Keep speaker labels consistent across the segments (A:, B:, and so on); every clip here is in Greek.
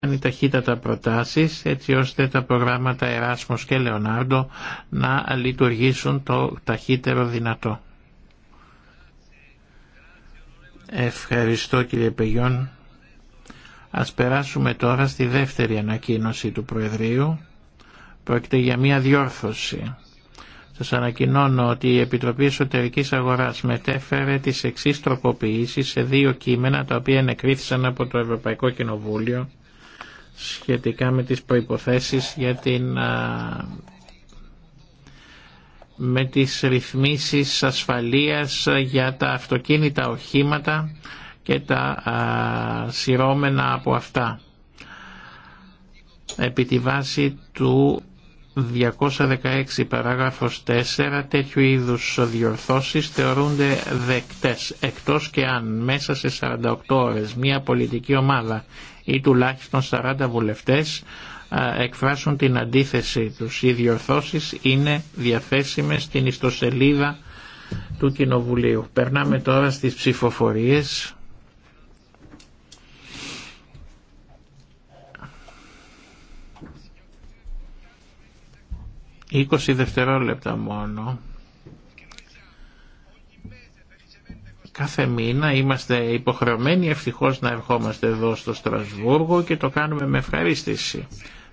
A: κάνει ταχύτατα προτάσεις έτσι ώστε τα προγράμματα Εράσμος και Λεωνάρντο να λειτουργήσουν το ταχύτερο δυνατό. Ευχαριστώ κύριε Πεγιόν. Ας περάσουμε τώρα στη δεύτερη ανακοίνωση του Προεδρείου. Πρόκειται για μια διόρθωση. Σας ανακοινώνω ότι η Επιτροπή Εσωτερικής Αγοράς μετέφερε τις εξής τροποποιήσεις σε δύο κείμενα τα οποία ενεκρίθησαν από το Ευρωπαϊκό Κοινοβούλιο σχετικά με τις προϋποθέσεις για την με τις ρυθμίσεις ασφαλείας για τα αυτοκίνητα οχήματα και τα α, σειρώμενα από αυτά. Επί τη βάση του 216 παράγραφος 4 τέτοιου είδους διορθώσεις θεωρούνται δεκτές εκτός και αν μέσα σε 48 ώρες μια πολιτική ομάδα ή τουλάχιστον 40 βουλευτές εκφράσουν την αντίθεσή τους. Οι διορθώσεις είναι διαθέσιμες στην ιστοσελίδα του Κοινοβουλίου. Περνάμε τώρα στις ψηφοφορίες. Είκοσι δευτερόλεπτα μόνο. Κάθε μήνα είμαστε υποχρεωμένοι ευτυχώς να ερχόμαστε εδώ στο Στρασβούργο και το κάνουμε με ευχαρίστηση.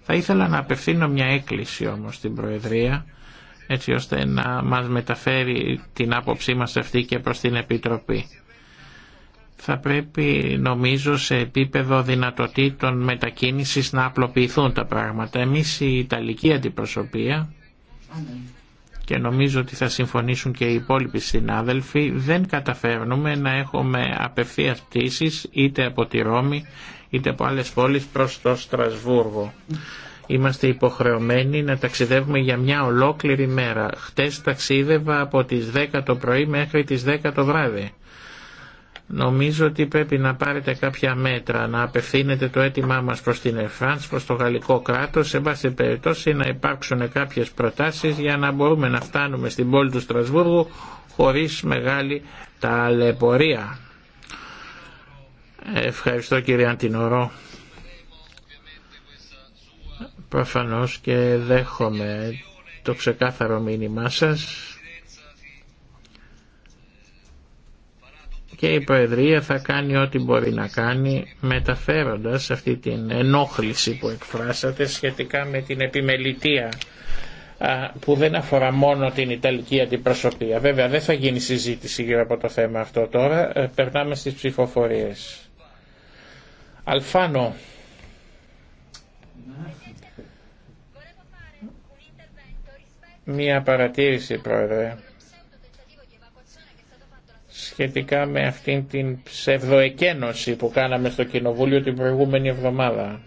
A: Θα ήθελα να απευθύνω μια έκκληση όμως στην Προεδρία έτσι ώστε να μας μεταφέρει την άποψή μας αυτή και προς την Επιτροπή. Θα πρέπει νομίζω σε επίπεδο δυνατοτήτων μετακίνησης να απλοποιηθούν τα πράγματα. Εμείς η Ιταλική Αντιπροσωπεία και νομίζω ότι θα συμφωνήσουν και οι υπόλοιποι συνάδελφοι, δεν καταφέρνουμε να έχουμε απευθείας πτήσεις είτε από τη Ρώμη είτε από άλλες πόλεις προς το Στρασβούργο. Είμαστε υποχρεωμένοι να ταξιδεύουμε για μια ολόκληρη μέρα. Χτες ταξίδευα από τις 10 το πρωί μέχρι τις 10 το βράδυ. Νομίζω ότι πρέπει να πάρετε κάποια μέτρα, να απευθύνετε το αίτημά μας προς την ΕΦΡΑΝΣ, προς το γαλλικό κράτος, σε βάση περιπτώσει να υπάρξουν κάποιες προτάσεις για να μπορούμε να φτάνουμε στην πόλη του Στρασβούργου χωρίς μεγάλη ταλαιπωρία. Ευχαριστώ κύριε Αντινορό. Προφανώς και δέχομαι το ξεκάθαρο μήνυμά σας και η Προεδρία θα κάνει ό,τι μπορεί να κάνει μεταφέροντας αυτή την ενόχληση που εκφράσατε σχετικά με την επιμελητία που δεν αφορά μόνο την Ιταλική αντιπροσωπεία. Βέβαια δεν θα γίνει συζήτηση γύρω από το θέμα αυτό τώρα. Ε, περνάμε στις ψηφοφορίες. Αλφάνο. Μία παρατήρηση, Πρόεδρε σχετικά με αυτήν την ψευδοεκένωση που κάναμε στο Κοινοβούλιο την προηγούμενη εβδομάδα.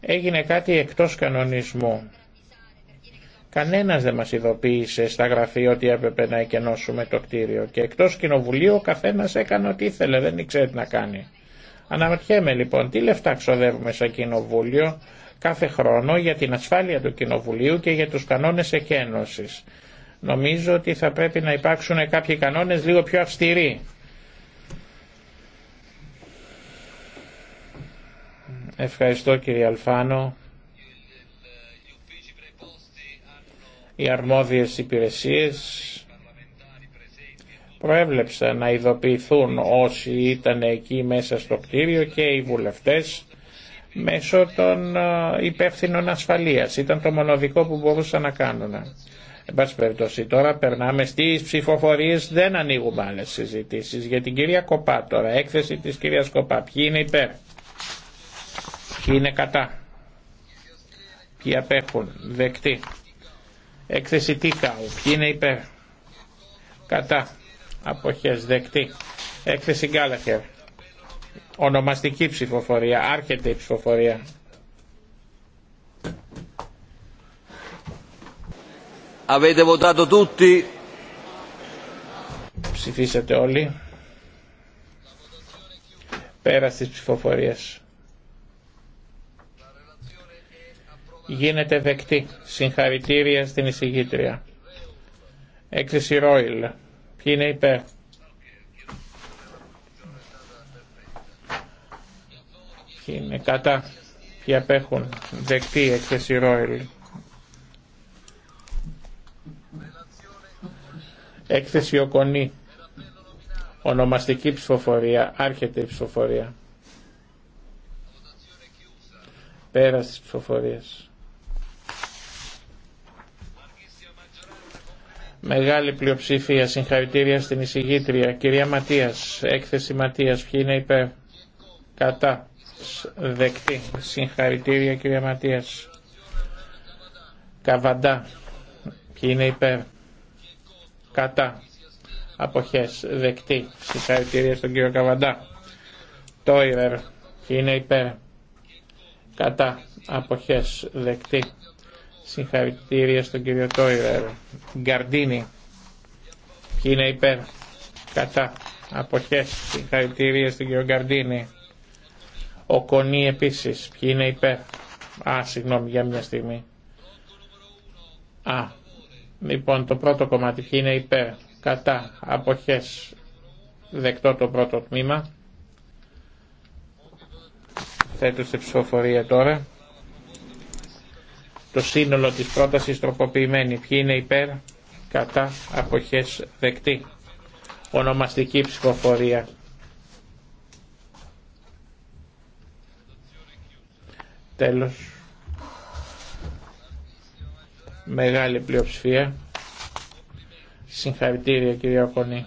A: Έγινε κάτι εκτός κανονισμού. Κανένας δεν μας ειδοποίησε στα γραφεία ότι έπρεπε να εκενώσουμε το κτίριο και εκτός Κοινοβουλίου ο καθένας έκανε ό,τι ήθελε, δεν ήξερε τι να κάνει. Αναρωτιέμαι λοιπόν τι λεφτά ξοδεύουμε σαν Κοινοβούλιο κάθε χρόνο για την ασφάλεια του Κοινοβουλίου και για τους κανόνες εκένωσης. Νομίζω ότι θα πρέπει να υπάρξουν κάποιοι κανόνες λίγο πιο αυστηροί. Ευχαριστώ κύριε Αλφάνο. Οι αρμόδιες υπηρεσίες προέβλεψαν να ειδοποιηθούν όσοι ήταν εκεί μέσα στο κτίριο και οι βουλευτές μέσω των ε, υπεύθυνων ασφαλείας. Ήταν το μοναδικό που μπορούσαν να κάνουν. Εν πάση περιπτώσει τώρα περνάμε στις ψηφοφορίες, δεν ανοίγουμε άλλες συζητήσεις. Για την κυρία Κοπά τώρα, έκθεση της κυρίας Κοπά. Ποιοι είναι υπέρ, ποιοι είναι κατά, ποιοι απέχουν, δεκτή. Έκθεση Τίκαου, ποιοι είναι υπέρ, κατά, αποχές, δεκτή. Έκθεση Γκάλαχερ, ονομαστική ψηφοφορία, άρχεται η ψηφοφορία. Avete votato tutti? Ψηφίσατε όλοι. Πέρα τη ψηφοφορία. Γίνεται δεκτή. Συγχαρητήρια στην εισηγήτρια. Έκθεση Ρόιλ. Ποιοι είναι υπέρ. Ποιοι είναι κατά. Ποιοι απέχουν. Δεκτή έκθεση Ρόιλ. Έκθεση Οκονή. Ονομαστική ψηφοφορία. Άρχεται η ψηφοφορία. Πέρας ψηφοφορίας. Μεγάλη πλειοψηφία. Συγχαρητήρια στην εισηγήτρια. Κυρία Ματίας. Έκθεση Ματίας. Ποιοι είναι υπέρ. Κατά. Δεκτή. Συγχαρητήρια κυρία Ματίας. Καβαντά. Ποιοι είναι υπέρ κατά αποχές δεκτή συγχαρητήρια στον κύριο Καβαντά το Ιρερ είναι υπέρ κατά αποχές δεκτή συγχαρητήρια στον κύριο Τόιρερ Γκαρντίνη είναι υπέρ κατά αποχές συγχαρητήρια στον κύριο Γκαρντίνη ο Κονή επίσης ποιοι είναι υπέρ α συγγνώμη για μια στιγμή α Λοιπόν, το πρώτο κομμάτι είναι υπέρ, κατά, αποχές, δεκτό το πρώτο τμήμα. Θέτω σε ψηφοφορία τώρα. Το σύνολο της πρότασης τροποποιημένη. Ποιοι είναι υπέρ, κατά, αποχές, δεκτή. Ονομαστική ψηφοφορία. Τέλος. Μεγάλη πλειοψηφία. Συγχαρητήρια κύριε Κονή.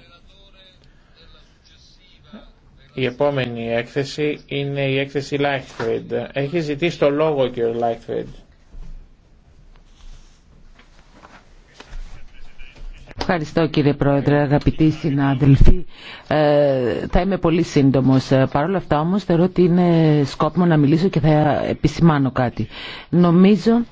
A: Η επόμενη έκθεση είναι η έκθεση Lightfried. Έχει ζητήσει το λόγο κύριο Lightfried.
B: Ευχαριστώ κύριε Πρόεδρε, αγαπητοί συνάδελφοι. Ε, θα είμαι πολύ σύντομος. Ε, παρ' όλα αυτά όμως θεωρώ ότι είναι σκόπιμο να μιλήσω και θα επισημάνω κάτι. Νομίζω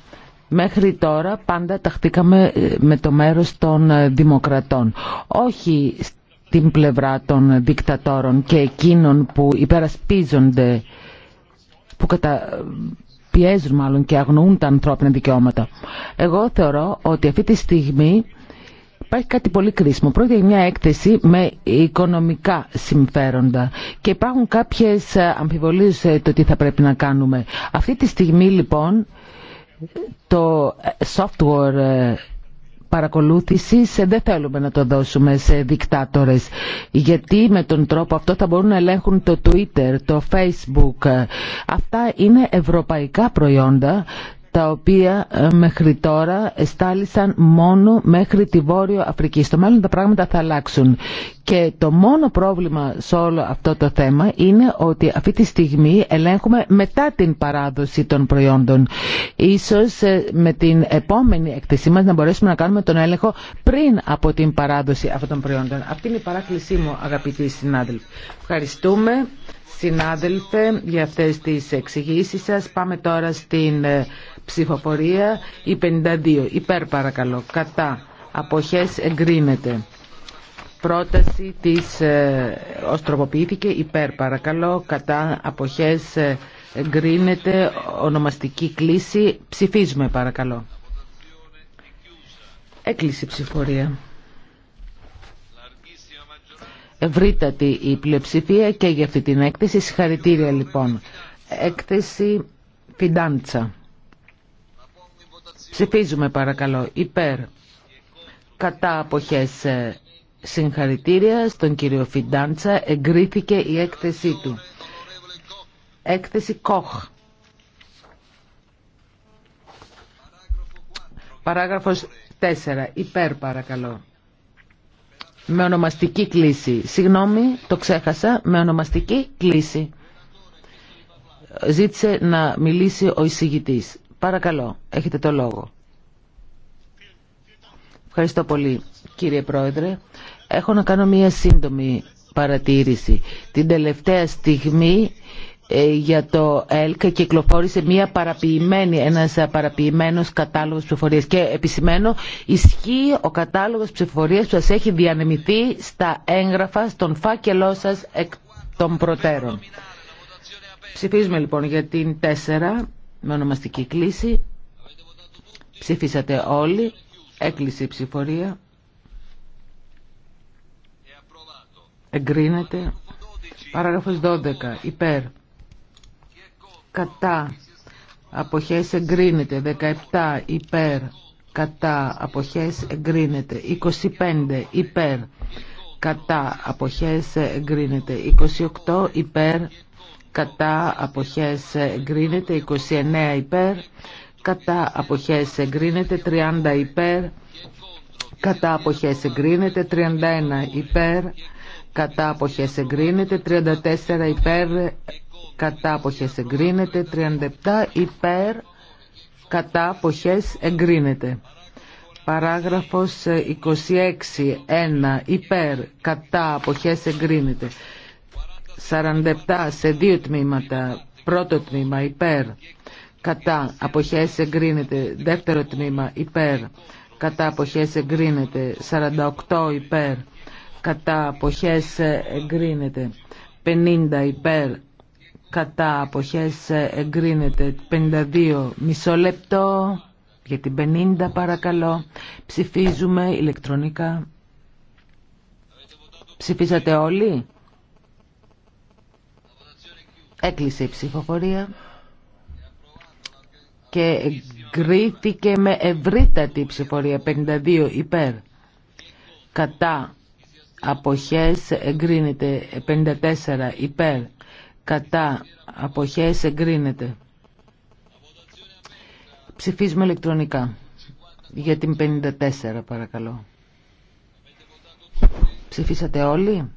B: Μέχρι τώρα πάντα ταχτήκαμε ε, με το μέρος των ε, δημοκρατών. Όχι στην πλευρά των δικτατόρων και εκείνων που υπερασπίζονται, που πιέζουν μάλλον και αγνοούν τα ανθρώπινα δικαιώματα. Εγώ θεωρώ ότι αυτή τη στιγμή υπάρχει κάτι πολύ κρίσιμο. Πρόκειται για μια έκθεση με οικονομικά συμφέροντα και υπάρχουν κάποιες ε, αμφιβολίες το τι θα πρέπει να κάνουμε. Αυτή τη στιγμή λοιπόν το ε, software ε, παρακολούθησης ε, δεν θέλουμε να το δώσουμε σε δικτάτορες γιατί με τον τρόπο αυτό θα μπορούν να ελέγχουν το Twitter, το Facebook αυτά είναι ευρωπαϊκά προϊόντα τα οποία ε, μέχρι τώρα εστάλησαν μόνο μέχρι τη Βόρειο Αφρική. Στο μέλλον τα πράγματα θα αλλάξουν. Και το μόνο πρόβλημα σε όλο αυτό το θέμα είναι ότι αυτή τη στιγμή ελέγχουμε μετά την παράδοση των προϊόντων. Ίσως ε, με την επόμενη εκθεσή μας να μπορέσουμε να κάνουμε τον έλεγχο πριν από την παράδοση αυτών των προϊόντων. Αυτή είναι η παράκλησή μου αγαπητοί συνάδελφοι. Ευχαριστούμε συνάδελφε για αυτές τις εξηγήσεις σας. Πάμε τώρα στην ε, ψηφοφορία η 52 υπέρ παρακαλώ κατά αποχές εγκρίνεται πρόταση της ε, ως τροποποιήθηκε υπέρ παρακαλώ κατά αποχές ε, εγκρίνεται ονομαστική κλίση ψηφίζουμε παρακαλώ έκλεισε ψηφοφορία. ευρύτατη η πλειοψηφία και για αυτή την έκθεση συγχαρητήρια λοιπόν έκθεση Φιντάντσα Ψηφίζουμε παρακαλώ υπέρ κατά αποχές ε, συγχαρητήρια στον κύριο Φιντάντσα εγκρίθηκε η έκθεσή του. Έκθεση Κοχ. Παράγραφος 4. Υπέρ παρακαλώ. Με ονομαστική κλίση. Συγγνώμη, το ξέχασα. Με ονομαστική κλίση. Ζήτησε να μιλήσει ο εισηγητής. Παρακαλώ, έχετε το λόγο. Ευχαριστώ πολύ κύριε Πρόεδρε. Έχω να κάνω μία σύντομη παρατήρηση. Την τελευταία στιγμή ε, για το ΕΛΚΑ κυκλοφόρησε μια παραποιημένη, ένας παραποιημένος κατάλογος ψηφοφορίας και επισημαίνω ισχύει ο κατάλογος ψηφοφορίας που σας έχει διανεμηθεί στα έγγραφα στον φάκελό σας εκ των προτέρων. Ψηφίζουμε λοιπόν για την με ονομαστική κλίση. Ψηφίσατε όλοι. Έκλεισε η ψηφορία. Εγκρίνεται. Παράγραφος 12. Υπέρ. Κατά. Αποχές εγκρίνεται. 17. Υπέρ. Κατά. Αποχές εγκρίνεται. 25. Υπέρ. Κατά. Αποχές εγκρίνεται. 28. Υπέρ κατά αποχές εγκρίνεται 29 υπέρ κατά αποχές εγκρίνεται 30 υπέρ κατά αποχές εγκρίνεται 31 υπέρ κατά αποχές εγκρίνεται 34 υπέρ κατά αποχές εγκρίνεται 37 υπέρ κατά αποχές εγκρίνεται Παράγραφος 26. 1. Υπέρ. Κατά. Αποχές εγκρίνεται. 47 σε δύο τμήματα. Πρώτο τμήμα υπέρ. Κατά αποχές εγκρίνεται. Δεύτερο τμήμα υπέρ. Κατά αποχές εγκρίνεται. 48 υπέρ. Κατά αποχές εγκρίνεται. 50 υπέρ. Κατά αποχές εγκρίνεται. 52 μισό λεπτό. Για την 50 παρακαλώ. Ψηφίζουμε ηλεκτρονικά. Ψηφίσατε όλοι. Έκλεισε η ψηφοφορία και εγκρίθηκε με ευρύτατη ψηφοφορία 52 υπέρ. Κατά αποχές εγκρίνεται 54 υπέρ. Κατά αποχές εγκρίνεται. Ψηφίζουμε ηλεκτρονικά. Για την 54 παρακαλώ. Ψηφίσατε όλοι.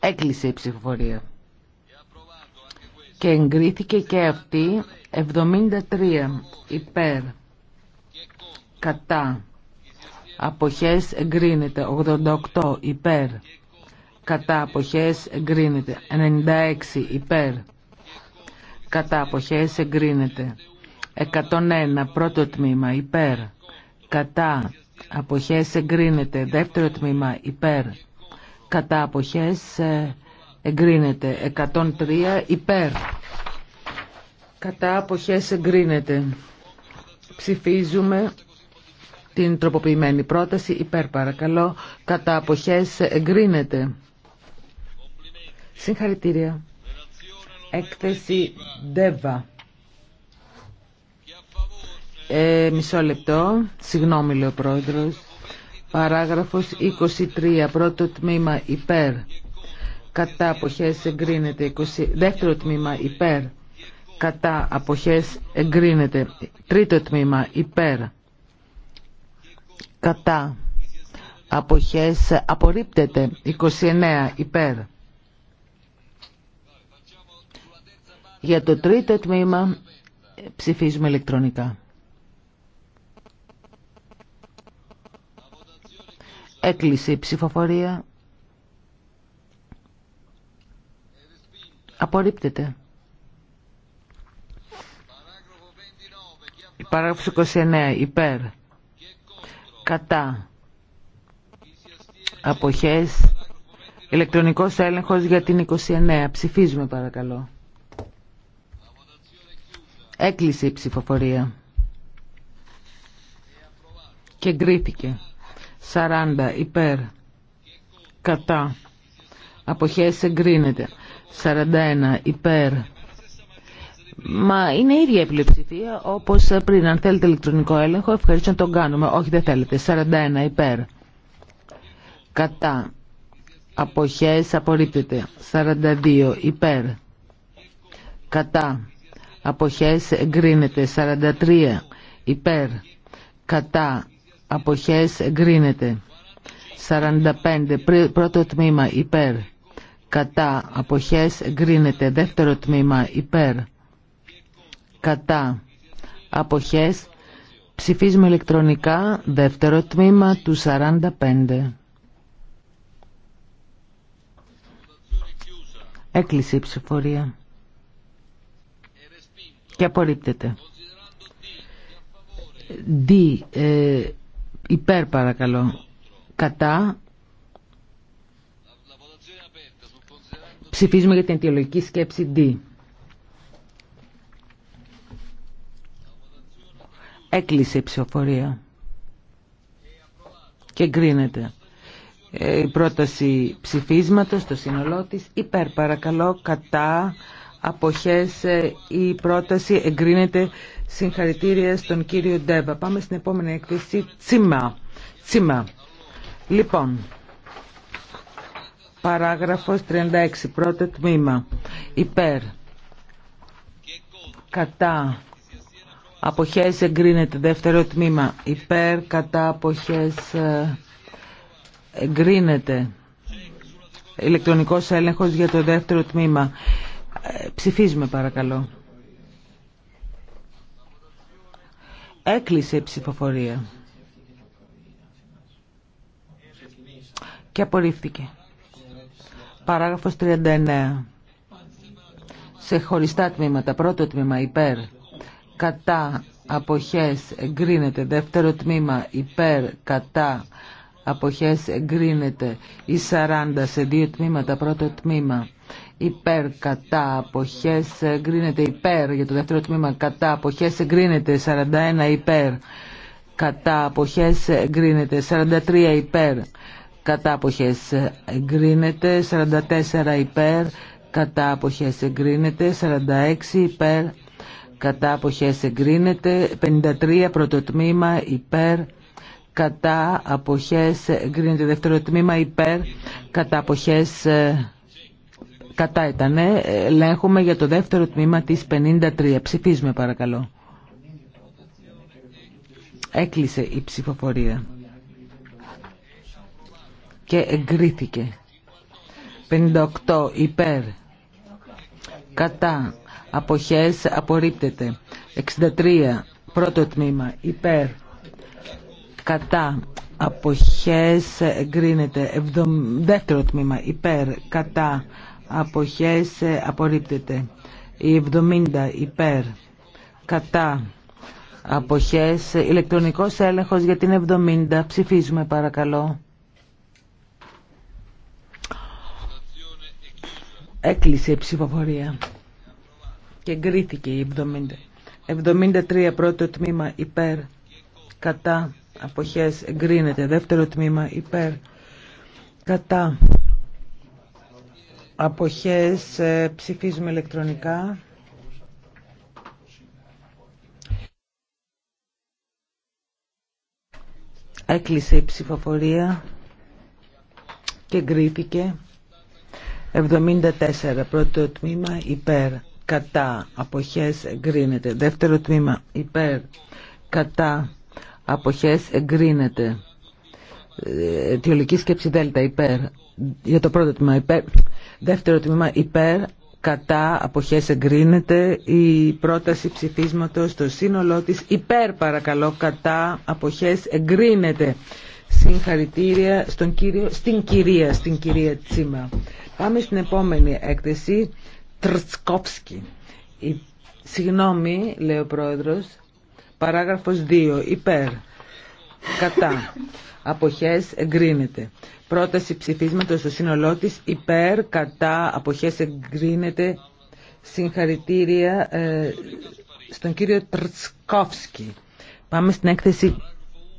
B: Έκλεισε η ψηφοφορία και εγκρίθηκε και αυτή 73 υπέρ κατά αποχές εγκρίνεται 88 υπέρ κατά αποχές εγκρίνεται 96 υπέρ κατά αποχές εγκρίνεται 101 πρώτο τμήμα υπέρ κατά αποχές εγκρίνεται δεύτερο τμήμα υπέρ κατά αποχές εγκρίνεται εγκρίνεται. 103 υπέρ. Κατά αποχές εγκρίνεται. Ψηφίζουμε την τροποποιημένη πρόταση υπέρ παρακαλώ. Κατά αποχές εγκρίνεται. Συγχαρητήρια. Έκθεση ΔΕΒΑ. Ε, μισό λεπτό. Συγγνώμη λέει ο πρόεδρος. Παράγραφος 23. Πρώτο τμήμα υπέρ κατά αποχές εγκρίνεται. 20, δεύτερο τμήμα υπέρ κατά αποχές εγκρίνεται. Τρίτο τμήμα υπέρ κατά αποχές απορρίπτεται. 29 υπέρ. Για το τρίτο τμήμα ψηφίζουμε ηλεκτρονικά. Έκλεισε η ψηφοφορία. Απορρίπτεται. Η παράγραφος 29. Υπέρ. Κατά. Αποχές. Ηλεκτρονικός έλεγχος για την 29. Ψηφίζουμε παρακαλώ. Έκλεισε η ψηφοφορία. Και εγκρίθηκε. 40 υπέρ. Κατά. Αποχές εγκρίνεται. 41 υπέρ. Μα είναι η ίδια η πλειοψηφία όπως πριν. Αν θέλετε ηλεκτρονικό έλεγχο, ευχαριστώ να τον κάνουμε. Όχι, δεν θέλετε. 41 υπέρ. Κατά. Αποχές απορρίπτεται. 42 υπέρ. Κατά. Αποχές εγκρίνεται. 43 υπέρ. Κατά. Αποχές εγκρίνεται. 45 πρώτο τμήμα υπέρ κατά αποχές γκρίνεται δεύτερο τμήμα υπέρ κατά αποχές ψηφίζουμε ηλεκτρονικά δεύτερο τμήμα του 45 έκλεισε η ψηφορία και απορρίπτεται Δι ε, υπέρ παρακαλώ κατά Ψηφίζουμε για την αιτιολογική σκέψη D. Έκλεισε η ψηφοφορία και εγκρίνεται. Ε, η πρόταση ψηφίσματος, το σύνολό της, υπέρ παρακαλώ, κατά αποχές ε, η πρόταση εγκρίνεται συγχαρητήρια στον κύριο Ντέβα. Πάμε στην επόμενη έκθεση. Τσίμα. Τσίμα. Λοιπόν, Παράγραφος 36, πρώτο τμήμα. Υπέρ. Κατά. Αποχές εγκρίνεται. Δεύτερο τμήμα. Υπέρ. Κατά. Αποχές ε, εγκρίνεται. Ηλεκτρονικός έλεγχος για το δεύτερο τμήμα. Ε, ψηφίζουμε παρακαλώ. Έκλεισε η ψηφοφορία. Και απορρίφθηκε. Παράγραφος 39. Σε χωριστά τμήματα. Πρώτο τμήμα υπέρ. Κατά αποχές εγκρίνεται. Δεύτερο τμήμα υπέρ. Κατά αποχές εγκρίνεται. Η 40 σε δύο τμήματα. Πρώτο τμήμα υπέρ κατά αποχές εγκρίνεται υπέρ για το δεύτερο τμήμα κατά αποχές εγκρίνεται 41 υπέρ κατά αποχές εγκρίνεται 43 υπέρ κατά αποχές εγκρίνεται, 44 υπέρ, κατά αποχές εγκρίνεται, 46 υπέρ, κατά αποχές εγκρίνεται, 53 πρωτοτμήμα υπέρ, κατά αποχές εγκρίνεται, δεύτερο τμήμα υπέρ, κατά αποχές ε, κατά ήτανε, ελέγχουμε για το δεύτερο τμήμα της 53, ψηφίζουμε παρακαλώ. Έκλεισε η ψηφοφορία και εγκρίθηκε. 58 υπέρ κατά αποχές απορρίπτεται. 63 πρώτο τμήμα υπέρ κατά αποχές εγκρίνεται. Δεύτερο τμήμα υπέρ κατά αποχές απορρίπτεται. Η 70 υπέρ κατά αποχές ηλεκτρονικός έλεγχος για την 70 ψηφίζουμε παρακαλώ. Έκλεισε η ψηφοφορία και εγκρίθηκε η 70. 73 πρώτο τμήμα υπέρ κατά αποχές εγκρίνεται. Δεύτερο τμήμα υπέρ κατά αποχές ε, ψηφίζουμε ηλεκτρονικά. Έκλεισε η ψηφοφορία και εγκρίθηκε. 74 πρώτο τμήμα υπέρ κατά αποχές εγκρίνεται δεύτερο τμήμα υπέρ κατά αποχές εγκρίνεται ε, αιτιολογική σκέψη δέλτα υπέρ για το πρώτο τμήμα υπέρ δεύτερο τμήμα υπέρ κατά αποχές εγκρίνεται η πρόταση ψηφίσματος στο σύνολό της υπέρ παρακαλώ κατά αποχές εγκρίνεται Συγχαρητήρια στον στην κυρία, στην κυρία Τσίμα. Πάμε στην επόμενη έκθεση, Τρτσκόψκι. Συγγνώμη, λέει ο πρόεδρος, παράγραφος 2, υπέρ, κατά, αποχές εγκρίνεται. Πρόταση ψηφίσματος στο σύνολό της, υπέρ, κατά, αποχές εγκρίνεται. Συγχαρητήρια ε, στον κύριο Τρτσκόφσκι. Πάμε στην έκθεση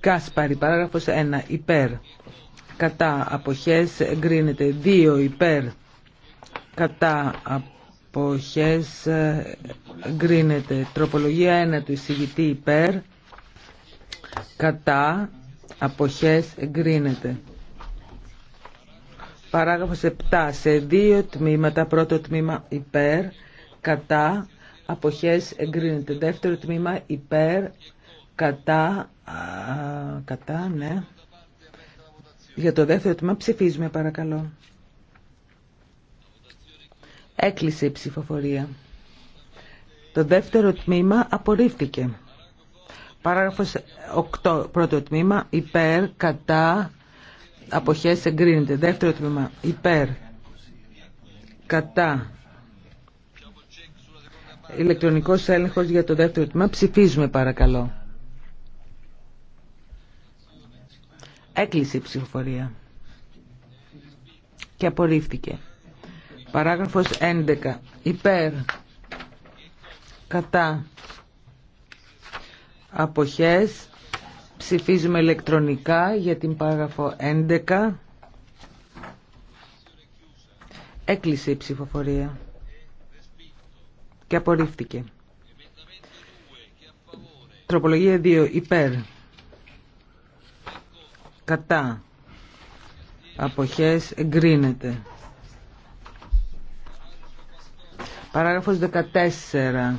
B: Κάσπαρη, παράγραφος 1, υπέρ. Κατά αποχές εγκρίνεται 2 υπέρ. Κατά αποχές ε, εγκρίνεται τροπολογία 1 του εισηγητή υπέρ. Κατά αποχές εγκρίνεται. Παράγραφος 7. Σε δύο τμήματα, πρώτο τμήμα υπέρ, κατά, αποχές εγκρίνεται. Δεύτερο τμήμα υπέρ, Κατά, κατά, ναι. Για το δεύτερο τμήμα ψηφίζουμε παρακαλώ. Έκλεισε η ψηφοφορία. Το δεύτερο τμήμα απορρίφθηκε. Παράγραφος 8, πρώτο τμήμα, υπέρ, κατά, αποχές εγκρίνεται. Δεύτερο τμήμα, υπέρ, κατά, ηλεκτρονικός έλεγχος για το δεύτερο τμήμα. Ψηφίζουμε παρακαλώ. Έκλεισε η ψηφοφορία και απορρίφθηκε. Παράγραφος 11. Υπέρ, κατά, αποχές, ψηφίζουμε ηλεκτρονικά για την παράγραφο 11. Έκλεισε η ψηφοφορία και απορρίφθηκε. Τροπολογία 2. Υπέρ, κατά αποχές εγκρίνεται. Παράγραφος 14.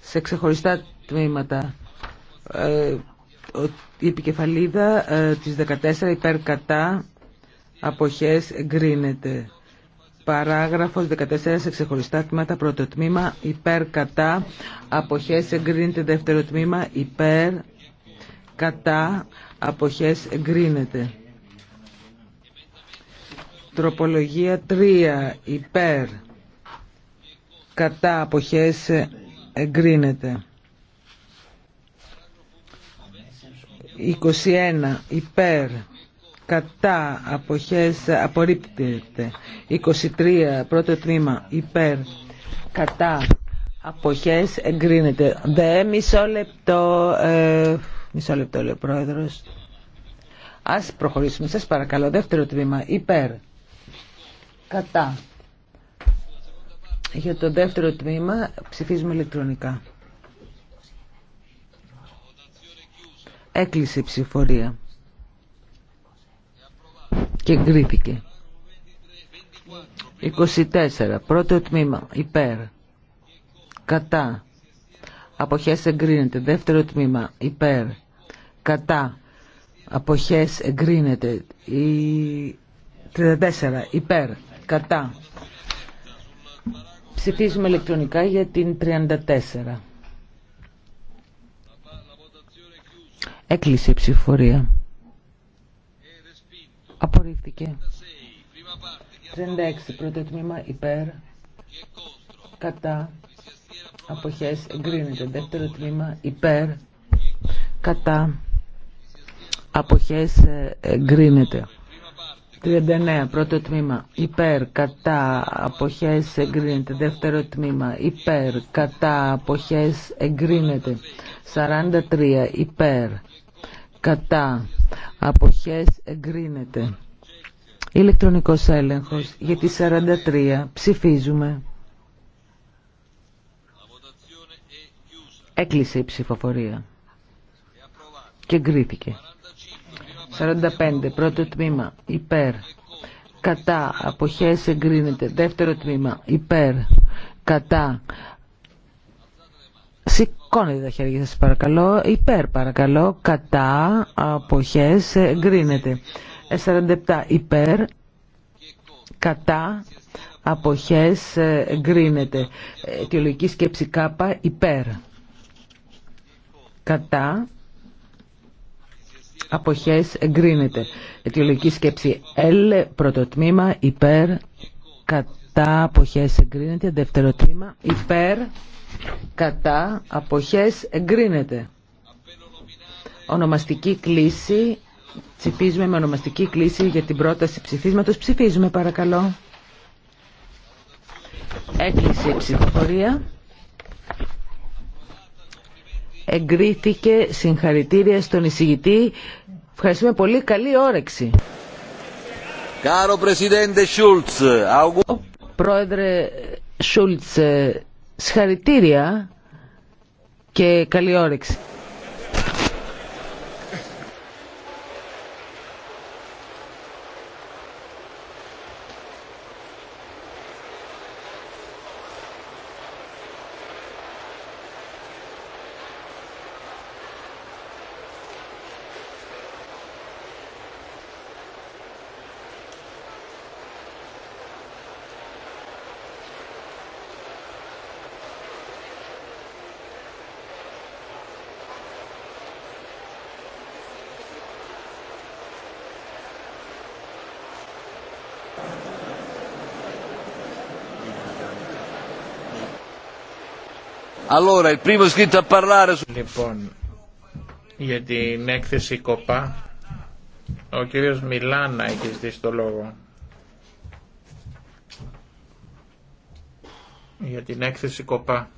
B: Σε ξεχωριστά τμήματα. Ε, η επικεφαλίδα ε, της 14 υπέρ κατά αποχές εγκρίνεται. Παράγραφος 14 σε ξεχωριστά τμήματα. Πρώτο τμήμα υπέρ κατά αποχές εγκρίνεται. Δεύτερο τμήμα υπέρ κατά αποχές εγκρίνεται. Τροπολογία 3 υπέρ κατά αποχές εγκρίνεται. 21 υπέρ κατά αποχές απορρίπτεται. 23 πρώτο τμήμα υπέρ κατά αποχές εγκρίνεται. Δε μισό λεπτό. Ε, Μισό λεπτό λέει ο πρόεδρος. Ας προχωρήσουμε. Σας παρακαλώ. Δεύτερο τμήμα. Υπέρ. Κατά. Για το δεύτερο τμήμα ψηφίζουμε ηλεκτρονικά. Έκλεισε η ψηφορία. Και εγκρίθηκε. 24. Πρώτο τμήμα. Υπέρ. Κατά. Αποχές εγκρίνεται. Δεύτερο τμήμα. Υπέρ κατά αποχές εγκρίνεται η 34 υπέρ κατά ψηφίζουμε ηλεκτρονικά για την 34 έκλεισε η ψηφορία απορρίφθηκε 36 πρώτο τμήμα υπέρ κατά αποχές εγκρίνεται δεύτερο τμήμα υπέρ κατά αποχές ε, εγκρίνεται. 39. Πρώτο τμήμα. Υπέρ, κατά, αποχές εγκρίνεται. Δεύτερο τμήμα. Υπέρ, κατά, αποχές εγκρίνεται. 43. Υπέρ, κατά, αποχές εγκρίνεται. Ηλεκτρονικός έλεγχος. Για τη 43 ψηφίζουμε. Έκλεισε η ψηφοφορία. Και εγκρίθηκε. 45. Πρώτο τμήμα. Υπέρ. Κατά. Αποχές εγκρίνεται. Δεύτερο τμήμα. Υπέρ. Κατά. Σηκώνετε τα χέρια σας παρακαλώ. Υπέρ παρακαλώ. Κατά. Αποχές εγκρίνεται. 47. Ε, υπέρ. Κατά. Αποχές εγκρίνεται. Ε, αιτιολογική σκέψη Κάπα, υπέρ. Κατά αποχές εγκρίνεται. Αιτιολογική σκέψη L, πρώτο τμήμα, υπέρ, κατά, αποχές εγκρίνεται. Δεύτερο τμήμα, υπέρ, κατά, αποχές εγκρίνεται. Ονομαστική κλίση, ψηφίζουμε με ονομαστική κλίση για την πρόταση ψηφίσματος. Ψηφίζουμε παρακαλώ. Έκλεισε η ψηφοφορία εγκρίθηκε συγχαρητήρια στον εισηγητή. Ευχαριστούμε πολύ. Καλή όρεξη. Κάρο Σούλτς. Πρόεδρε Σούλτς, ε, συγχαρητήρια και καλή όρεξη.
A: Λοιπόν, για την έκθεση ΚΟΠΑ, ο κύριος Μιλάνα έχει ζητήσει το λόγο. Για την έκθεση ΚΟΠΑ.